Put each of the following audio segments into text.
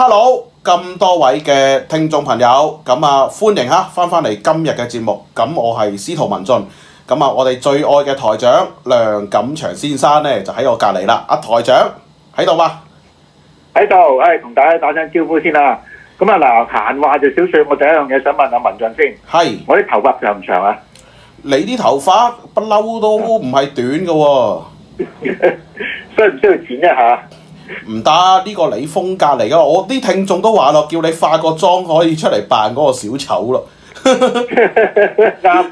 Hello，咁多位嘅聽眾朋友，咁啊歡迎吓翻返嚟今日嘅節目，咁我係司徒文進，咁啊我哋最愛嘅台長梁錦祥先生咧就喺我隔籬啦，啊，台長喺度啊，喺度，誒同大家打聲招呼先啦，咁啊嗱閒話就少說，我第一樣嘢想問下、啊、文進先，係是我啲頭髮長唔長啊？你啲頭髮不嬲都唔係短噶、啊，需唔 需要剪一下？唔得，呢、這個你風格嚟㗎，我啲聽眾都話咯，叫你化個妝可以出嚟扮嗰個小丑咯。啱、 啊，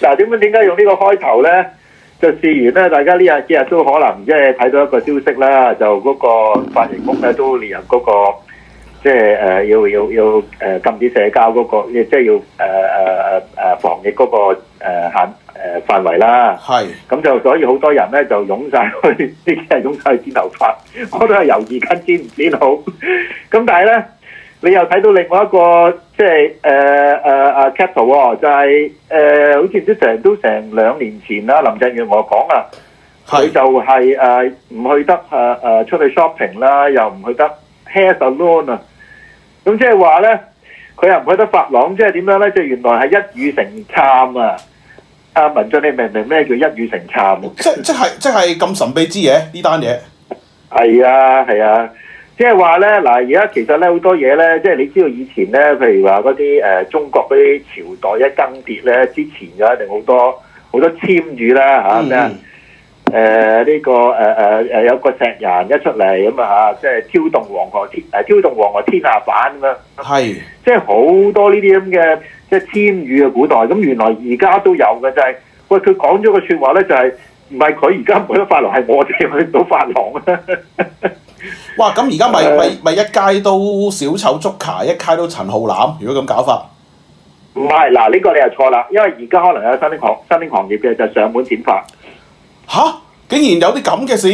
嗱點解點解用呢個開頭咧？就自然咧，大家呢日幾日都可能即係睇到一個消息啦，就嗰個髮型屋咧都列入嗰個即係誒要要要誒、呃、禁止社交嗰、那個，即、就、係、是、要誒誒誒誒防疫嗰、那個、呃、限範圍啦，係咁是 就所以好多人咧就湧晒去，即係湧晒去剪頭髮， 我都係猶豫緊剪唔剪好。咁 但係咧，你又睇到另外一個即係誒誒誒 capital 啊，ettle, 哦、就係、是、誒、呃，好似唔知成都成兩年前啦，林鄭月娥講啊，佢是 就係誒唔去得誒誒、呃、出去 shopping 啦，又唔去得 hair salon 啊。咁即係話咧，佢又唔去得髮廊，即係點樣咧？即、就、係、是、原來係一語成讖啊！阿文俊，你明唔明咩叫一語成籤？即即係即係咁神秘之嘢？呢單嘢係啊係啊，即係話咧嗱，而家其實咧好多嘢咧，即係你知道以前咧，譬如話嗰啲誒中國嗰啲朝代一更迭咧，之前就一定好多好多簽語啦嚇，咩誒呢個誒誒誒有個石人一出嚟咁啊嚇，即係挑動黃河天誒挑動黃河天下反咁樣，係即係好多呢啲咁嘅。即係籤語嘅古代，咁原來而家都有嘅就係、是，喂佢講咗個説話咧，就係唔係佢而家冇得去髮廊，係我哋去唔到髮廊咧。法 哇！咁而家咪咪咪一街都小丑捉卡，一街都陳浩南。如果咁搞法，唔係嗱，呢、這個你又錯啦，因為而家可能有新興行新興行業嘅就是、上門剪髮。吓、啊，竟然有啲咁嘅事，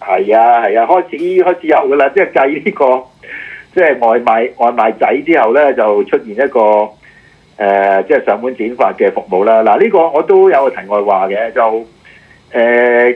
係啊係啊，開始開始有噶啦，即係計呢個即係外賣外賣仔之後咧，就出現一個。誒、呃，即係上門剪髮嘅服務啦。嗱，呢、這個我都有個題外話嘅，就誒、呃、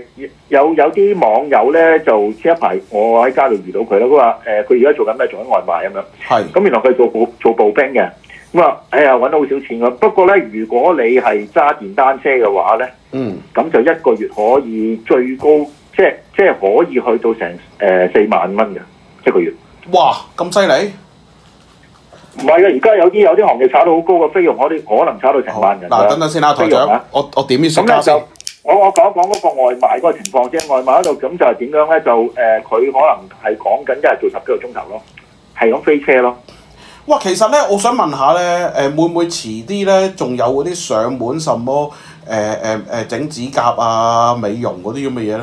有有啲網友咧，就即一排我喺街度遇到佢啦。佢話誒，佢而家做緊咩？做緊外賣咁樣。係是。咁原來佢做步做步兵嘅。咁啊，哎呀，揾到好少錢㗎。不過咧，如果你係揸電單車嘅話咧，嗯，咁就一個月可以最高，即係即係可以去到成誒四、呃、萬蚊嘅一個月。哇！咁犀利。唔係嘅，而家有啲有啲行業炒到好高嘅飛佣，可啲可能炒到成萬人。嗱、哦，等等先啦鴻，台長，啊、我我點啲上我我講一講嗰個外賣嗰個情況啫。外賣嗰度咁就係點樣咧？就誒，佢、呃、可能係講緊一日做十幾個鐘頭咯，係咁飛車咯。哇，其實咧，我想問下咧，誒、呃、會唔會遲啲咧，仲有嗰啲上門什麼誒誒誒整指甲啊、美容嗰啲咁嘅嘢咧？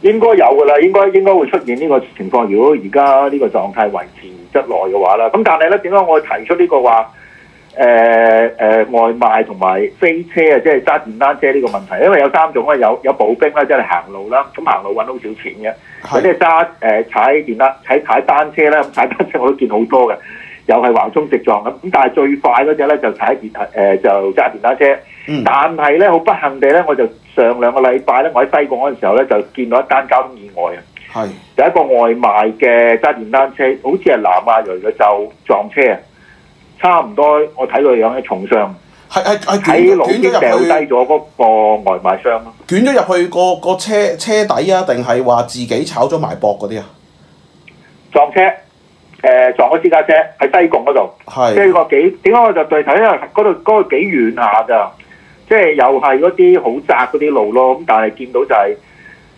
應該有嘅啦，應該應該會出現呢個情況。如果而家呢個狀態維持得耐嘅話咧，咁但係咧點解我提出呢個話？誒、呃、誒、呃、外賣同埋飛車啊，即係揸電單車呢個問題，因為有三種啦，有有步兵啦，即係行路啦。咁行路搵好少錢嘅，即係揸誒踩電單踩踩單車咧。咁踩單車我都見好多嘅，又係橫衝直撞咁。咁但係最快嗰隻咧就踩電誒、呃、就揸電單車。嗯、但係咧好不幸地咧，我就，上兩個禮拜咧，我喺西貢嗰陣時候咧，就見到一單交通意外啊！係就是一個外賣嘅揸電單車，好似係南亞裔嘅就撞車，差唔多我睇佢樣嘅重傷。係係係，喺路邊掉低咗嗰個外賣箱咯。捲咗入去，嗰個個車車底啊？定係話自己炒咗埋博嗰啲啊？撞車，誒、呃、撞咗私家車喺西貢嗰度。係即係個幾點解我就對睇啊？因為嗰度嗰個幾遠下㗎。那個即係又係嗰啲好窄嗰啲路咯，咁但係見到就係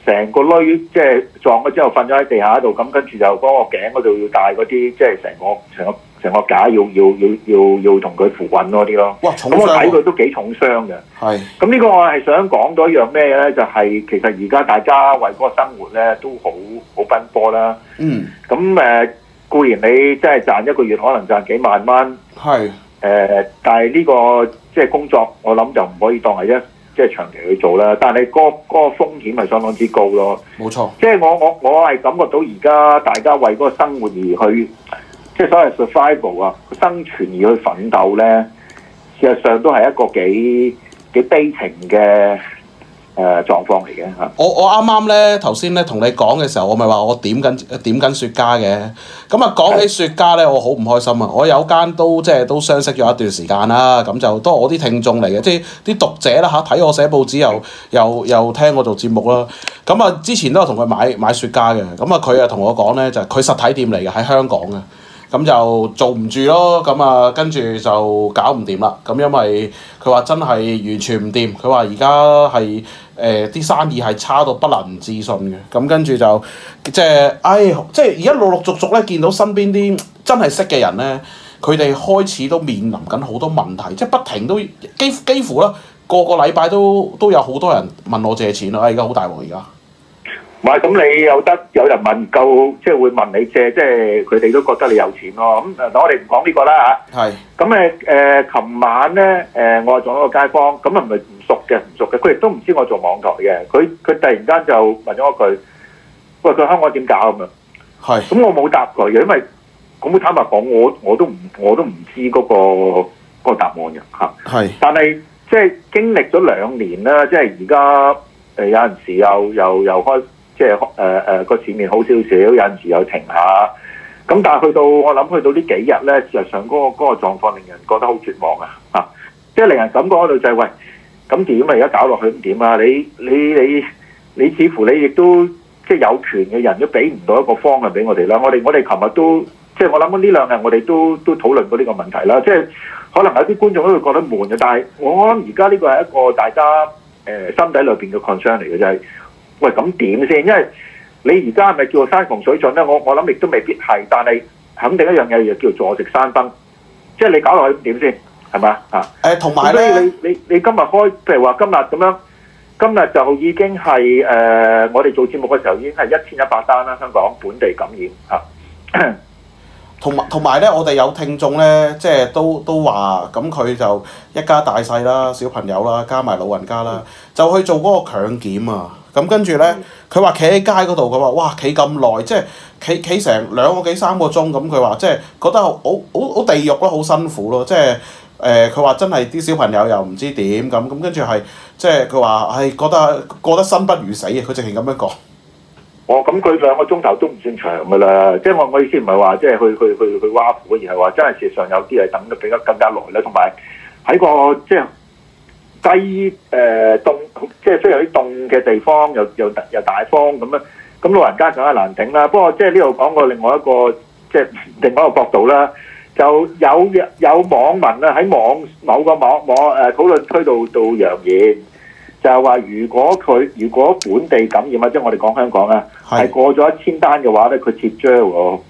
成個僆，即係撞咗之後瞓咗喺地下度，咁跟住就幫個頸嗰度要戴嗰啲，即係成個成個成個架要，要要要要要同佢扶穩多啲咯。哇！重傷咁、啊、我睇佢都幾重傷嘅。係咁呢個我係想講咗一樣咩咧？就係其實而家大家為嗰個生活咧都好好奔波啦。嗯。咁、嗯、誒固然你即係賺一個月可能賺幾萬蚊。係。誒、呃，但係呢個。即係工作，我諗就唔可以當係一即係長期去做啦。但係個個風險係相當之高咯。冇錯，即係我我我係感覺到而家大家為嗰個生活而去，即係所謂 survival 啊，生存而去奮鬥咧，事實上都係一個幾幾悲情嘅誒狀況嚟嘅嚇，我我啱啱咧頭先咧同你講嘅時候，我咪話我點緊點緊雪茄嘅。咁啊講起雪茄咧，我好唔開心啊！我有間都即係都相識咗一段時間啦，咁就都係我啲聽眾嚟嘅，即係啲讀者啦嚇，啊，睇我寫報紙又又又聽我做節目啦，咁啊之前都有同佢買買雪茄嘅，咁啊佢啊同我講咧就係、係、佢實體店嚟嘅喺香港嘅。咁就做唔住咯，咁啊跟住就搞唔掂啦。咁因為佢話真係完全唔掂，佢話而家係誒啲生意係差到不能置信嘅。咁跟住就即係、就是，唉，即係而家陸陸續續咧見到身邊啲真係識嘅人咧，佢哋開始都面臨緊好多問題，即係不停都幾乎幾乎啦，個個禮拜都都有好多人問我借錢啦。唉、哎，而家好大鑊，而家。唔係咁，你有得有人問夠，即係會問你借，即係佢哋都覺得你有錢咯。咁誒，我哋唔講呢個啦嚇。係咁誒誒，琴晚咧誒，我撞咗個街坊，咁係咪唔熟嘅？唔熟嘅，佢亦都唔知我做網台嘅。佢佢突然間就問咗我一句，喂，佢香港點搞咁樣？係。咁我冇答佢嘅，因為咁冇坦白講，我我都唔我都唔知嗰個嗰個答案嘅嚇。係。但係即係經歷咗兩年啦，即係而家誒有陣時又又又開。即係誒誒個市面好少少，有陣時又停下，咁但係去到我諗去到幾呢幾日咧，事實上、那個嗰、那個狀況令人覺得好絕望啊！嚇、啊，即係令人感覺到就係、是、喂，咁點啊？而家搞落去點啊？你你你你似乎你亦都即係有權嘅人都俾唔到一個方案俾我哋啦。我哋我哋琴日都即係我諗緊呢兩日，我哋都我我都，都討論過呢個問題啦。即係可能有啲觀眾都會覺得悶嘅，但係我諗而家呢個係一個大家誒、呃、心底裏面嘅 concern 嚟嘅，就係、是。喂，咁點先？因為你而家係咪叫做山窮水盡咧？我我諗亦都未必係，但係肯定一樣嘢叫做坐食山崩，即係你搞落去點先？係嘛啊？誒、呃，同埋咧，所以你你你今日開，譬如話今日咁樣，今日就已經係誒、呃，我哋做節目嘅時候已經係一千一百單啦。香港本地感染嚇，同埋同埋咧，我哋有聽眾咧，即係都都話咁佢就一家大細啦、小朋友啦、加埋老人家啦，嗯、就去做嗰個強檢啊！咁跟住咧，佢話企喺街嗰度，佢話哇，企咁耐，即係企企成兩個幾三個鐘，咁佢話即係覺得好好好地獄咯，好辛苦咯，即係誒，佢、呃、話真係啲小朋友又唔知點咁，咁跟住係即係佢話係覺得過得生不如死啊！佢直情咁樣講。哦，咁佢兩個鐘頭都唔算長噶啦，即係我我意思唔係話即係去去去去挖苦，而係話真係事實上有啲係等得比較更加耐咧，同埋喺個即係。低誒、呃、凍，即係非常啲凍嘅地方，又又又大方咁啊！咁老人家梗係難頂啦。不過即係呢度講過另外一個，即係另外一個角度啦。就有有，有網民啦喺網某個網網誒討論區度度揚言，就係話如果佢如果本地感染啊，即係我哋講香港啊，係是過咗一千單嘅話咧，佢撤桌喎。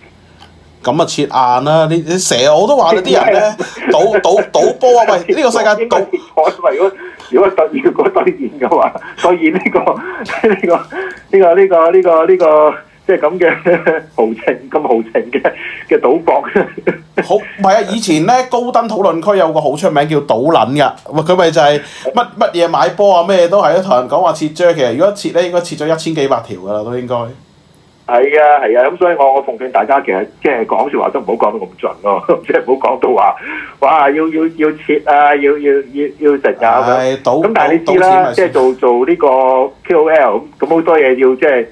咁啊，切硬啦！你你成日我都話啦，啲人咧賭賭賭波啊！喂， 呢、這個世界賭，我 如果如果突然個兌現嘅話，所以呢個呢、 這個呢、這個呢、這個呢、這個呢、這個即係咁嘅豪情，咁豪情嘅嘅賭博， 好唔係啊！以前咧高登討論區有個好出名叫賭捻嘅，佢咪就係乜乜嘢買波啊咩都係咯，同人講話切啫。其實如果切咧，應該切咗一千幾百條噶啦，都應該。係啊，係啊，咁所以我我奉勸大家其實即係講説話都唔好講到咁盡咯，即係唔好講到話哇要要要切啊，要要要要成啊咁。哎嗯、咁但係你知啦，即係做做呢個 KOL，咁好多嘢要即係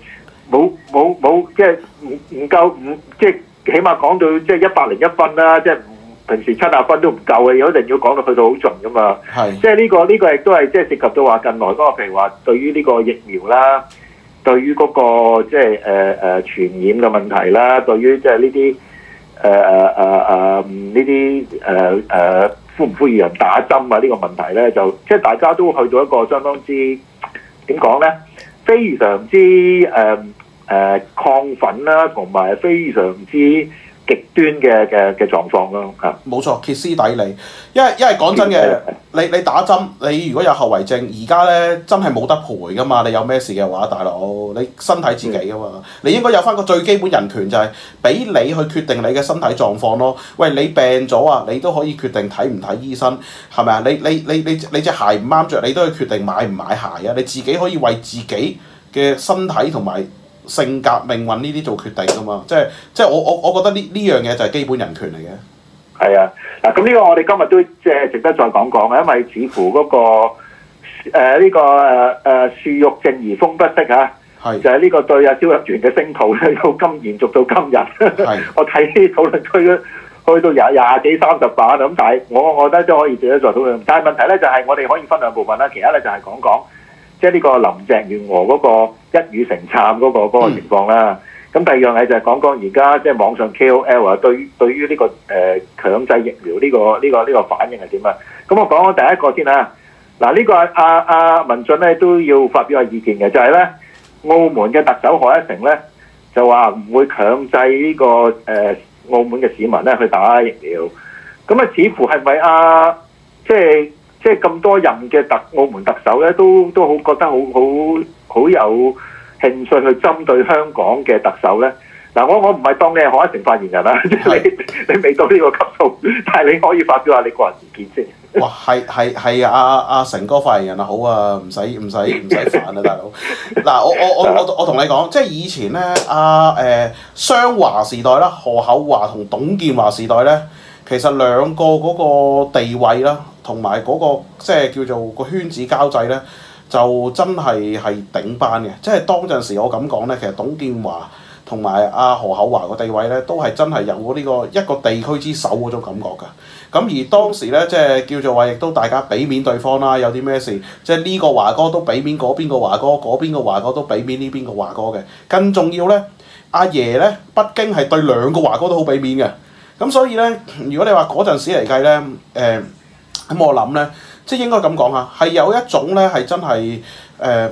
冇冇冇，即係唔唔夠五，即係、就是就是、起碼講到即係一百零一分啦、啊，即、就、係、是、平時七十分都唔夠嘅，一定要講到去到好盡噶嘛。即係呢個呢、呢個亦都係即係涉及到話近來嗰個，譬如話對於呢個疫苗啦。對於嗰、那個即係誒誒傳染嘅問題啦，對於即係呢啲誒誒誒誒呢啲誒誒呼唔呼議人打針啊呢、這個問題咧，就即係大家都去到一個相當之點講咧，非常之誒誒、呃呃、亢奮啦、啊，同埋非常之。極端嘅嘅嘅狀況咯，嚇，冇錯，歇斯底里。因為因為講真嘅，你你打針，你如果有後遺症，而家咧真係冇得賠噶嘛。你有咩事嘅話，大佬，你身體自己噶嘛，嗯、你應該有翻個最基本人權，就係、是、俾你去決定你嘅身體狀況咯。喂，你病咗啊，你都可以決定睇唔睇醫生，係咪啊？你你你你你隻鞋唔啱着，你都可以決定買唔買鞋啊。你自己可以為自己嘅身體同埋。性格、命運呢啲做決定㗎嘛。即係即係我我我覺得呢呢樣嘢就係基本人權嚟嘅。係啊，嗱，咁呢個我哋今日都即係值得再講講啊，因為似乎嗰個誒呢個誒誒樹欲靜而風不息啊，是就係呢個對阿蕭若元嘅聲討咧，到今延續到今日。係是， 我睇啲討論區都去到廿廿幾三十版咁睇，我我覺得都可以值得再討論。但係問題咧就係、是、我哋可以分兩部分啦，其他咧就係講講。即係呢個林鄭月娥嗰個一語成籤嗰、那個那個情況啦。咁第二樣係就係講講而家即係網上 KOL 啊，對於對於呢、這個誒、呃、強制疫苗呢、這個呢、這個呢、這個反應係點啊？咁我講下第一個先啦。嗱、這、呢個阿、啊、阿、啊、文俊咧都要發表下意見嘅，就係、是、咧澳門嘅特首賀一誠咧就話唔會強制呢、這個誒、呃、澳門嘅市民咧去打疫苗。咁啊，似乎係咪啊，即係？即係咁多任嘅特澳門特首咧，都都好覺得好好好有興趣去針對香港嘅特首咧。嗱、啊，我我唔係當你係賀一誠發言人啊，是 你你未到呢個級數，但係你可以發表下你個人意見先。哇！係係係阿阿誠哥發言人啊，好啊，唔使唔使唔使煩啊，大佬。嗱、 啊，我我我我我同你講，即係以前咧，阿誒雙華時代啦，何厚鏵同董建華時代咧，其實兩個嗰個地位啦。同埋嗰個即係叫做個圈子交際呢，就真係係頂班嘅。即係當陣時，我咁講呢，其實董建華同埋阿何厚華個地位呢，都係真係有呢個一個地區之首嗰種感覺㗎。咁而當時呢，即係叫做話，亦都大家俾面對方啦。有啲咩事，即係呢個華哥都俾面嗰邊個華哥，嗰邊個華哥都俾面呢邊個華哥嘅。更重要呢，阿爺呢，北京係對兩個華哥都好俾面嘅。咁所以呢，如果你話嗰陣時嚟計呢，誒、呃。咁我諗咧，即係應該咁講啊，係有一種咧，係真係誒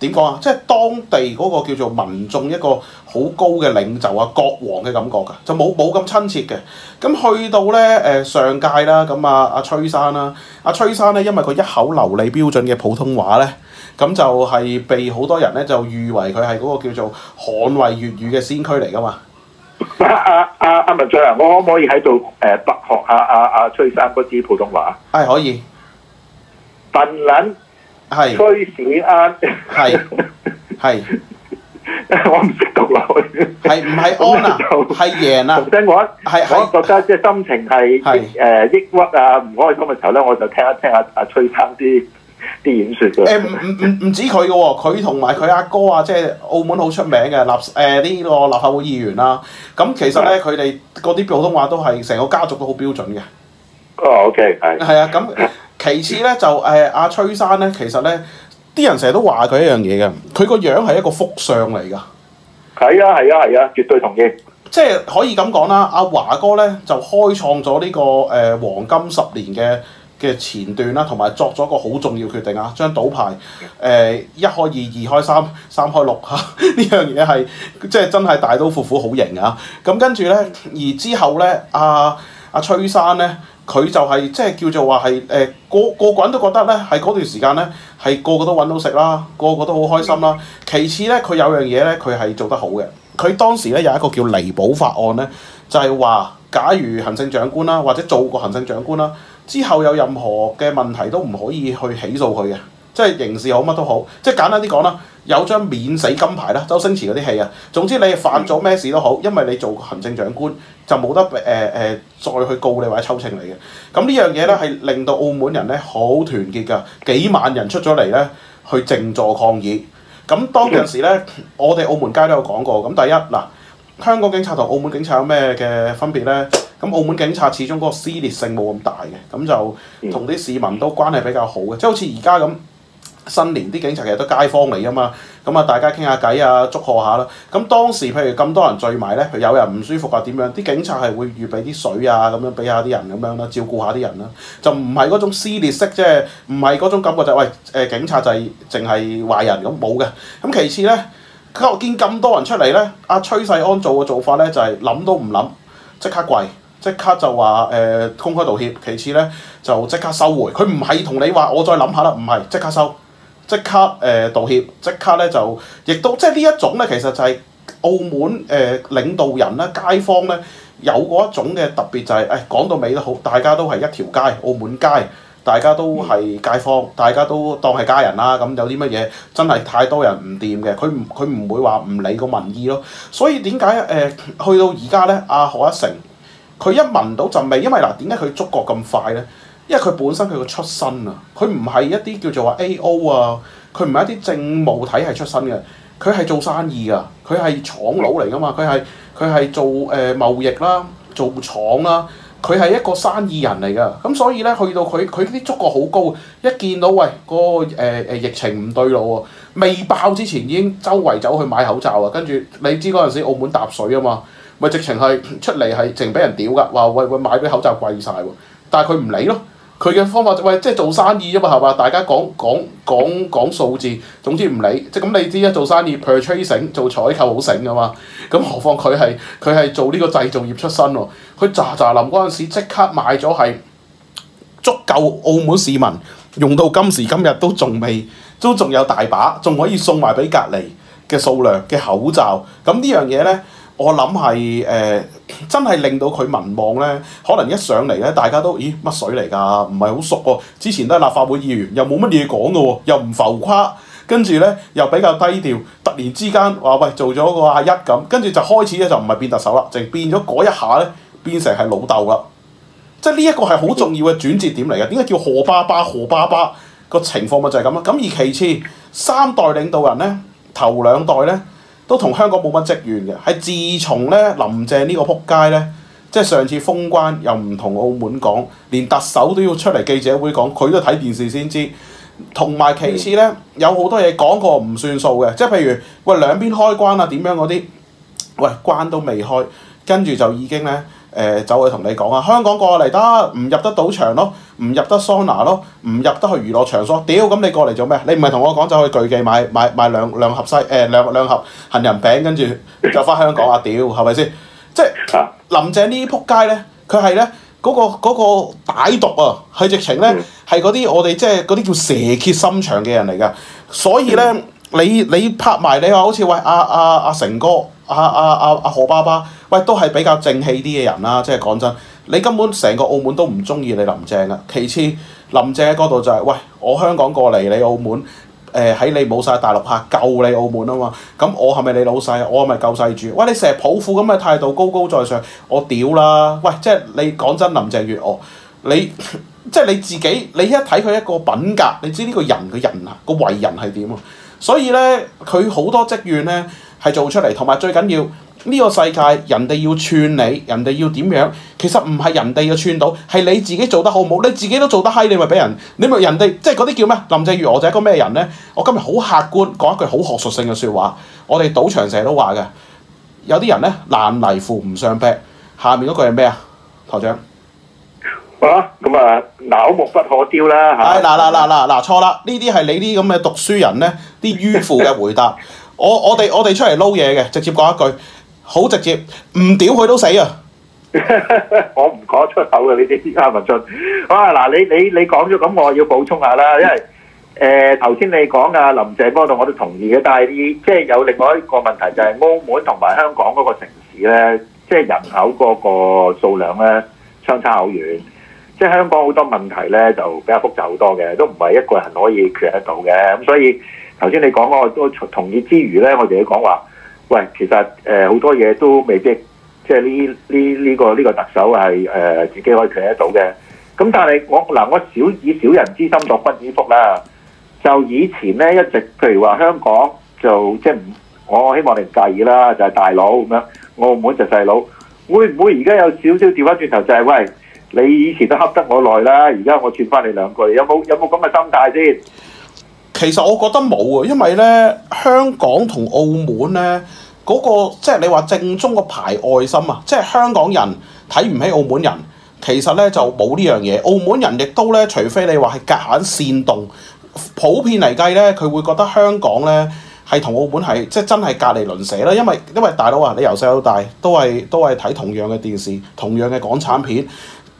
點講啊？即係當地嗰個叫做民眾一個好高嘅領袖啊，國王嘅感覺㗎，就冇冇咁親切嘅。咁去到咧誒、呃、上界啦，咁啊阿崔生啦、啊，阿、啊、崔生咧，因為佢一口流利標準嘅普通話咧，咁就係被好多人咧就譽為佢係嗰個叫做捍衞粵語嘅先驅嚟㗎嘛。阿阿阿阿文進啊，我可唔可以喺度誒白學阿阿阿崔生嗰支普通話？係可以。笨撚係。崔氏啊係係。 我唔識讀落去。係唔係安娜？係贏啊！重新講，我覺得即係心情係誒抑鬱啊，唔開心嘅時候咧，我就聽一聽阿阿、啊、崔生啲。誒唔唔唔唔止佢嘅喎，佢同埋佢阿哥啊，即係澳門好出名嘅立誒呢、呃呢個立法會議員啦。咁、啊、其實咧，佢哋嗰啲普通話都係成個家族都好標準嘅。哦、oh，OK，係。係啊，咁其次咧就誒阿、呃、崔生咧，其實咧啲人成日都話佢一樣嘢嘅，佢個樣係一個福相嚟㗎。係啊，係啊，係啊，絕對同意。即係可以咁講啦，阿、啊、華哥咧就開創咗呢、呢個誒、呃、黃金十年嘅。嘅前段啦，同埋作咗個好重要決定啊！將賭牌誒、呃、一開二，二開三，三開六啊！呢樣嘢係即係真係大刀闊斧，斧，好型啊！咁、嗯、跟住咧，而之後咧，阿、啊、阿、啊、崔生咧，佢就係即係叫做話係誒個個人都覺得咧，係嗰段時間咧，係個個都揾到食啦，個個都好開心啦。其次咧，佢有樣嘢咧，佢係做得好嘅。佢當時咧有一個叫離補法案咧，就係、是、話，假如行政長官啦，或者做過行政長官啦。之後有任何嘅問題都唔可以去起訴佢嘅，即係刑事好乜都好，即係簡單啲講啦，有張免死金牌啦，周星馳嗰啲戲啊，總之你犯咗咩事都好，因為你做行政長官就冇得誒誒再去告你或者抽秤你嘅，咁呢樣嘢咧係令到澳門人咧好團結噶，幾萬人出咗嚟咧去靜坐抗議，咁當陣時咧我哋澳門街都有講過，咁第一嗱香港警察同澳門警察有咩嘅分別咧？咁澳門警察始終嗰個撕裂性冇咁大嘅，咁就同啲市民都關係比較好嘅，即係好似而家咁新年啲警察其實都街坊嚟啊嘛，咁啊大家傾下偈啊，祝賀下啦。咁當時譬如咁多人聚埋咧，譬有人唔舒服啊點樣？啲警察係會預備啲水啊，咁樣俾下啲人咁樣啦，照顧下啲人啦、啊，就唔係嗰種撕裂式，即係唔係嗰種感覺就係、喂誒警察就係淨係壞人咁冇嘅。咁其次咧，見咁多人出嚟咧，阿、啊、崔世安做嘅做法咧就係、係、諗都唔諗，即刻跪。即刻就話誒、呃、公開道歉，其次咧就即刻收回佢，唔係同你話我再諗下啦，唔係即刻收即刻誒、呃、道歉，即刻咧就亦都即係呢一種咧，其實就係澳門誒、呃、領導人啦，街坊咧有嗰一種嘅特別就係誒講到尾都好，大家都係一條街澳門街，大家都係街坊，大家都當係家人啦咁，有啲乜嘢真係太多人唔掂嘅，佢唔佢唔會話唔理個民意咯，所以點解誒去到而家咧阿何一成？佢一聞到陣味，因為嗱，點解佢觸覺咁快咧？因為佢本身佢個出身啊，佢唔係一啲叫做話 A.O. 啊，佢唔係一啲政務體系出身嘅，佢係做生意噶，佢係廠佬嚟㗎嘛，佢係佢係做誒、呃、貿易啦，做廠啦，佢係一個生意人嚟㗎，咁所以咧去到佢佢啲觸覺好高，一見到喂，那個誒誒、呃、疫情唔對路啊，未爆之前已經周圍走去買口罩啊，跟住你知嗰陣時澳門搭水啊嘛。咪直情係出嚟係，直情俾人屌噶，話喂會買啲口罩貴晒喎，但係佢唔理咯。佢嘅方法喂即係做生意啫嘛，係嘛？大家講講講講數字，總之唔理。即係咁，你知啦，做生意 purchasing 做採購好醒噶嘛。咁何況佢係佢係做呢個製造業出身喎。佢咋咋臨嗰陣時，即刻買咗係足夠澳門市民用到今時今日都仲未，都仲有大把，仲可以送埋俾隔離嘅數量嘅口罩。咁呢樣嘢咧。我諗係誒，真係令到佢民望咧，可能一上嚟咧，大家都咦乜水嚟㗎？唔係好熟喎，之前都係立法會議員，又冇乜嘢講㗎喎，又唔浮誇，跟住咧又比較低調。突然之間話喂，做咗個阿一咁，跟住就開始咧就唔係變特首啦，淨變咗嗰一下咧，變成係老豆啦。即係呢一個係好重要嘅轉折點嚟嘅，點解叫「何巴巴」？「何巴巴」個情況咪就係咁啊？咁而其次三代領導人咧，頭兩代咧。都同香港冇乜積怨嘅，係自從咧林鄭個呢個撲街咧，即係上次封關又唔同澳門講，連特首都要出嚟記者會講，佢都睇電視先知。同埋其次咧，有好多嘢講過唔算數嘅，即係譬如喂，兩邊開關啊點樣嗰啲，喂關都未開，跟住就已經咧。誒、呃、走去同你講啊！香港過嚟得，唔入得賭場咯，唔入得桑拿咯，唔入得去娛樂場所。屌，咁你過嚟做咩？你唔係同我講走去巨記買買買兩兩盒西誒、呃、兩兩盒杏仁餅，跟住就返香港啊！屌，係咪先？即係林鄭呢啲撲街咧，佢係咧嗰個嗰、嗰個歹毒啊，係直情咧係嗰啲我哋即係嗰啲叫蛇蠍心腸嘅人嚟㗎。所以咧、嗯，你拍你拍埋你話，好似喂阿阿阿成哥。阿阿阿阿何爸爸，喂，都係比較正氣啲嘅人啦，即係講真，你根本成個澳門都唔中意你林鄭啦。其次，林鄭嗰度就係、是，喂，我香港過嚟你澳門，誒、呃、喺你冇曬大陸客救你澳門啊嘛，咁我係咪你老細？我係咪救世主？喂，你成日抱負咁嘅態度高高在上，我屌啦！喂，即係你講真，林鄭月娥，你即係、就是、你自己，你一睇佢一個品格，你知呢個人嘅人呀個為人係點啊？所以咧，佢好多職員咧。係做出嚟，同埋最緊要呢個世界，人哋要串你，人哋要點樣？其實唔係人哋要串到，係你自己做得好唔好？你自己都做得嗨，你咪俾人，你咪人哋即係嗰啲叫咩？林鄭月娥就係個咩人呢？我今日好客觀講一句好學術性嘅說話，我哋賭場成日都話嘅，有啲人呢，爛泥扶唔上壁，下面嗰句係咩啊？台長啊，咁、嗯、啊，朽木不可雕啦，嗱嗱嗱嗱嗱，錯啦！呢啲係你啲咁嘅讀書人呢啲迂腐嘅回答。 我我哋我哋出嚟撈嘢嘅，直接講一句，好直接，唔屌佢都死 啊！我唔講出口嘅，你哋依家唔準。啊嗱，你你你講咗咁，我要補充下啦，因為誒頭先你講啊，林鄭嗰度，我都同意嘅。但係啲即係有另外一個問題，就係、是、澳門同埋香港嗰個城市咧，即係人口嗰個數量咧，相差好遠。即係香港好多問題咧，就比較複雜好多嘅，都唔係一個人可以決得到嘅，咁所以。頭先你講我都同意之餘呢，我哋要講話，喂，其實誒好、呃、多嘢,都未必，即係呢呢個呢、這個特首係誒、呃、自己可以權得到嘅。咁但係我嗱、呃、我小以小人之心度君子腹啦。就以前呢，一直，譬如話香港就即係唔，我希望你唔介意啦，就係、是、大佬咁樣，澳門就細佬。會唔會而家有少少調翻轉頭就係、是，喂，你以前都恰得我耐啦，而家我轉翻你兩句，有冇有冇咁嘅心態先？其實我覺得冇啊，因為咧香港同澳門咧嗰個即係你話正宗個排外心啊，即係香港人睇唔起澳門人，其實咧就冇呢樣嘢。澳門人亦都咧，除非你話係隔閡煽動，普遍嚟計咧，佢會覺得香港咧係同澳門係即係真係隔離鄰舍啦。因為因為大佬啊，你由細到大都係都係睇同樣嘅電視、同樣嘅港產片。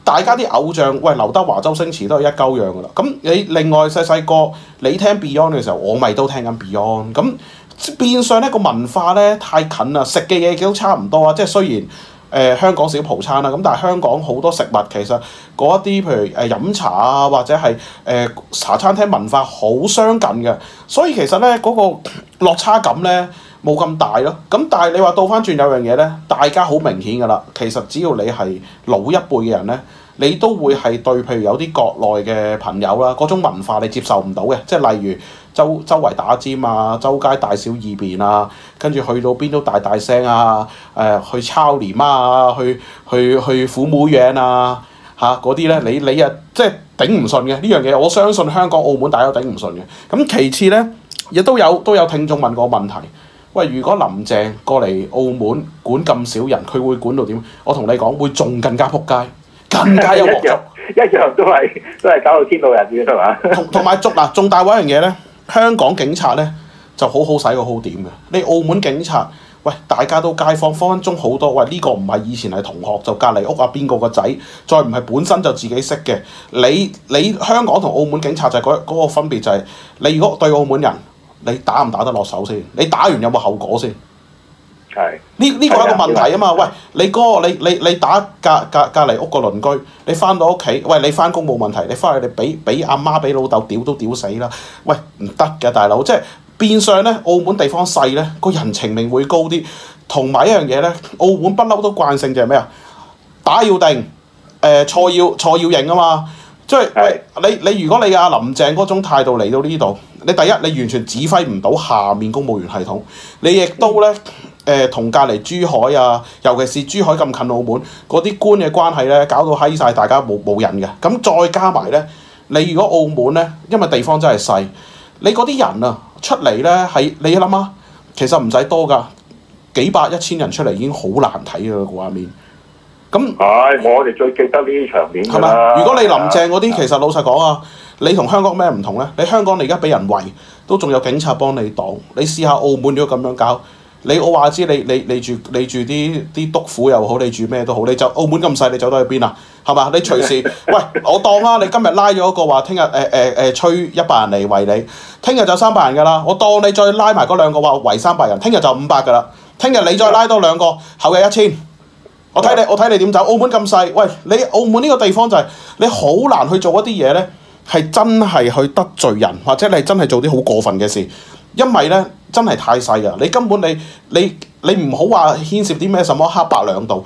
大家啲偶像，喂，劉德華、周星馳都係一鳩樣噶啦。咁你另外細細個，你聽 Beyond 嘅時候，我咪都聽緊 Beyond。咁變相呢個文化呢，太近啦，食嘅嘢都差唔多啊。即係雖然誒、呃、香港少葡餐啦，咁但係香港好多食物其實嗰一啲，譬如誒飲茶啊，或者係誒、呃、茶餐廳文化好相近嘅，所以其實呢，嗰、那個落差感呢。冇咁大咯，咁但係你話倒翻轉，有樣嘢呢，大家好明顯㗎啦。其實只要你係老一輩嘅人呢，你都會係對譬如有啲國內嘅朋友啦，嗰種文化你接受唔到嘅，即係例如周周圍打尖啊，周街大小二便啊，跟住去到邊都大大聲啊，誒、呃、去抄你媽啊，去去去父母養啊嚇嗰啲呢，你你啊即係頂唔順嘅呢樣嘢。我相信香港澳門大家都頂唔順嘅。咁其次呢，亦都有都有聽眾問過問題。喂，如果林鄭過嚟澳門管咁少人，佢會管到點？我同你講，會仲更加撲街，更加一 一樣，一樣都係都係搞到天怒人怨，係嘛？同埋捉嗱，重大位一樣嘢呢？香港警察呢就好好使個好點嘅。你澳門警察，喂，大家都街坊，分分鐘好多。喂，呢、這個唔係以前係同學，就隔離屋啊，邊個個仔，再唔係本身就自己識嘅。你你香港同澳門警察就係嗰嗰個分別就係、係，你如果對澳門人。你打唔打得落手先？你打完有冇後果先？係呢呢個係一個問題啊嘛！喂，你哥你你你打隔隔隔離屋個鄰居，你翻到屋企，喂你翻工冇問題，你翻去你俾俾阿媽俾老豆屌都屌死啦！喂唔得㗎大佬，即係變相咧，澳門地方細咧，個人情味會高啲，同埋一樣嘢咧，澳門不嬲都慣性就係咩啊？打要定，誒錯要錯要認啊嘛！即係、喂、你你如果你阿林鄭嗰種態度嚟到呢度，你第一你完全指揮唔到下面公務員系統，你亦都咧誒同隔離珠海啊，尤其是珠海咁近澳門嗰啲官嘅關係咧，搞到閪晒大家冇無，冇癮嘅。咁再加埋咧，你如果澳門咧，因為地方真係細，你嗰啲人啊出嚟咧係你諗下，其實唔使多噶，幾百一千人出嚟已經好難睇㗎，個畫面。咁，係我哋最記得呢啲場面㗎。係嘛？如果你林鄭嗰啲，其實老實講啊，你同香港咩唔同呢？你香港你而家俾人圍，都仲有警察幫你擋。你試下澳門如果咁樣搞，你我話知你你你住你住啲啲督府又好，你住咩都好，你就澳門咁細，你走到去邊啊？係嘛？你隨時，喂，我當啦！你今日拉咗一個話，聽日誒誒誒，吹一百人嚟圍你，聽日就三百人㗎啦。我當你再拉埋嗰兩個話圍三百人，聽日就五百㗎啦。聽日你再拉多兩個，後日一千。我睇你，我睇你點走？澳門咁細，喂，你澳門呢個地方就係你好難去做一啲嘢呢，係真係去得罪人，或者你真係做啲好過分嘅事，因為呢真係太細啊！你根本你你你唔好話牽涉啲咩什麼黑白兩道，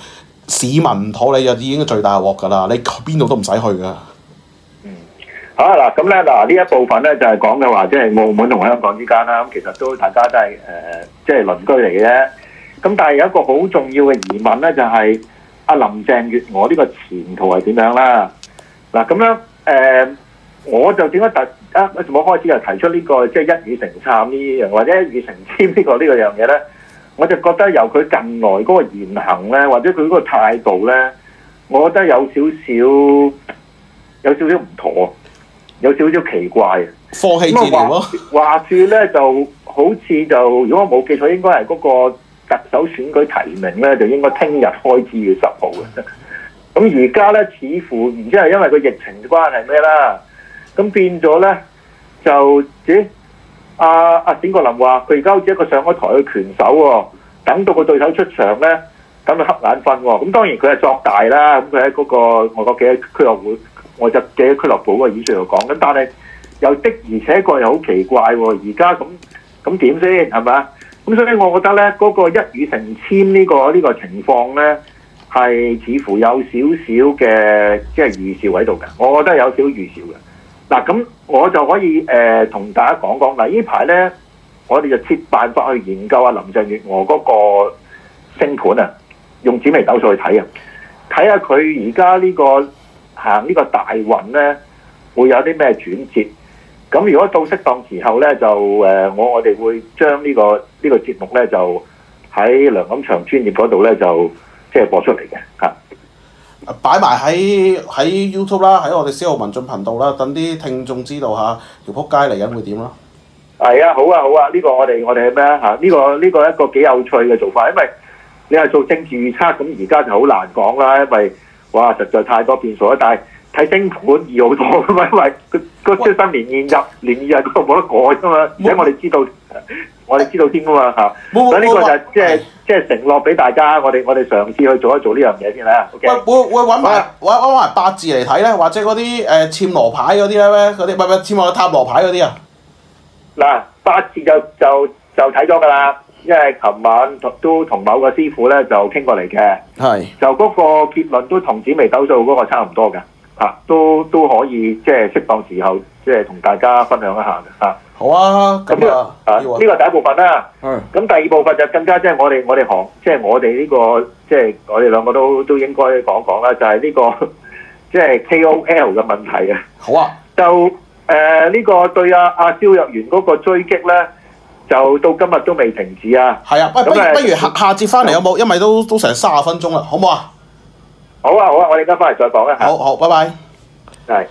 市民唔妥你就已經最大鑊噶啦，你邊度都唔使去噶。嗯，好啊，咁，咧，嗱，呢一部分呢，就係講嘅話，即係澳門同香港之間啦。咁其實都大家都係誒即係鄰居嚟嘅啫。咁但係有一個好重要嘅疑問咧，就係、是、阿林鄭月娥呢個前途係點樣啦？嗱、啊、咁樣誒、呃，我就點解提啊我開始就提出呢、這個即係、就是、一語成籤呢樣，或者一語成籤呢、這個呢、這個樣嘢咧？我就覺得由佢近來嗰個言行咧，或者佢嗰個態度咧，我覺得有少少有少少唔妥，有少少奇怪。放棄治療咯、啊？話住咧就好似就如果我冇記錯，應該係嗰、那個。特首選舉提名咧，就應該聽日開始，要十號嘅。咁而家咧，似乎唔知係因為個疫情關係咩啦。咁變咗咧，就咦？阿阿冼國林話：佢而家好似一個上咗台嘅拳手喎、哦，等到個對手出場咧，咁就瞌眼瞓喎、哦。咁當然佢係作大啦。咁佢喺嗰個外國記者俱樂會，我就記者俱樂部嗰個演説度講。咁但係又的而且確又好奇怪喎、哦。而家咁咁點先係咪？咁所以，我覺得咧，嗰、那個一語成籤、這個」呢個呢個情況咧，係似乎有少少嘅即係預兆喺度嘅。我覺得有少預兆嘅。嗱，咁我就可以誒同、呃、大家講講。嗱，呢排咧，我哋就設辦法去研究下林鄭月娥嗰個星盤啊，用紫微斗數去睇啊，睇下佢而家呢個行呢個大運咧會有啲咩轉折。咁如果到適當時候咧，就誒、呃、我我哋會將、這個這個、呢個呢個節目咧，就喺梁錦祥專業嗰度咧，就即係播出嚟嘅嚇。擺埋喺喺、啊、YouTube 啦，喺我哋司徒文進頻道啦，等啲聽眾知道下，條撲街嚟緊會點咯。係啊，好啊，好啊，呢、這個我哋我哋係咩啊呢、這個呢、這個一個幾有趣嘅做法，因為你係做政治預測，咁而家就好難講啦，因為哇，實在太多變數啦，但係。睇星盤易好多，咁因為個個出生年月日年月日都冇得改噶嘛，而且我哋知道，我哋知道先噶嘛嚇。咁，呢個就即係即係承諾俾大家，我哋我哋嘗試去做一做呢樣嘢先啦。會會會揾埋埋八字嚟睇咧，或者嗰啲誒簽羅牌嗰啲咧，嗰啲乜乜簽塔羅牌嗰啲啊。嗱，八字就就就睇咗噶啦，因為琴晚都同某個師傅咧就傾過嚟嘅，係就嗰個結論都同紫微斗數嗰個差唔多噶。都都可以，即係適當時候，即係同大家分享一下。嚇、啊，好啊，咁啊，啊，呢個第一部分啦、啊。咁第二部分就更加即係我哋我哋行，即係我哋呢個，即係我哋兩個都都應該講講啦。就係呢個，即係 KOL 嘅問題啊。好啊。就誒呢個對阿阿蕭若元嗰個追擊咧，就到今日都未停止啊。係啊，嗯，不，不如下下節翻嚟有冇？因為都都成三十分鐘啦，好唔好啊？好啊好啊，我而家翻嚟再講啦好好，拜拜。係，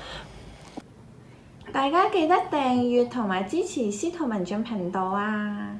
大家記得訂閱同埋支持司徒文進頻道啊。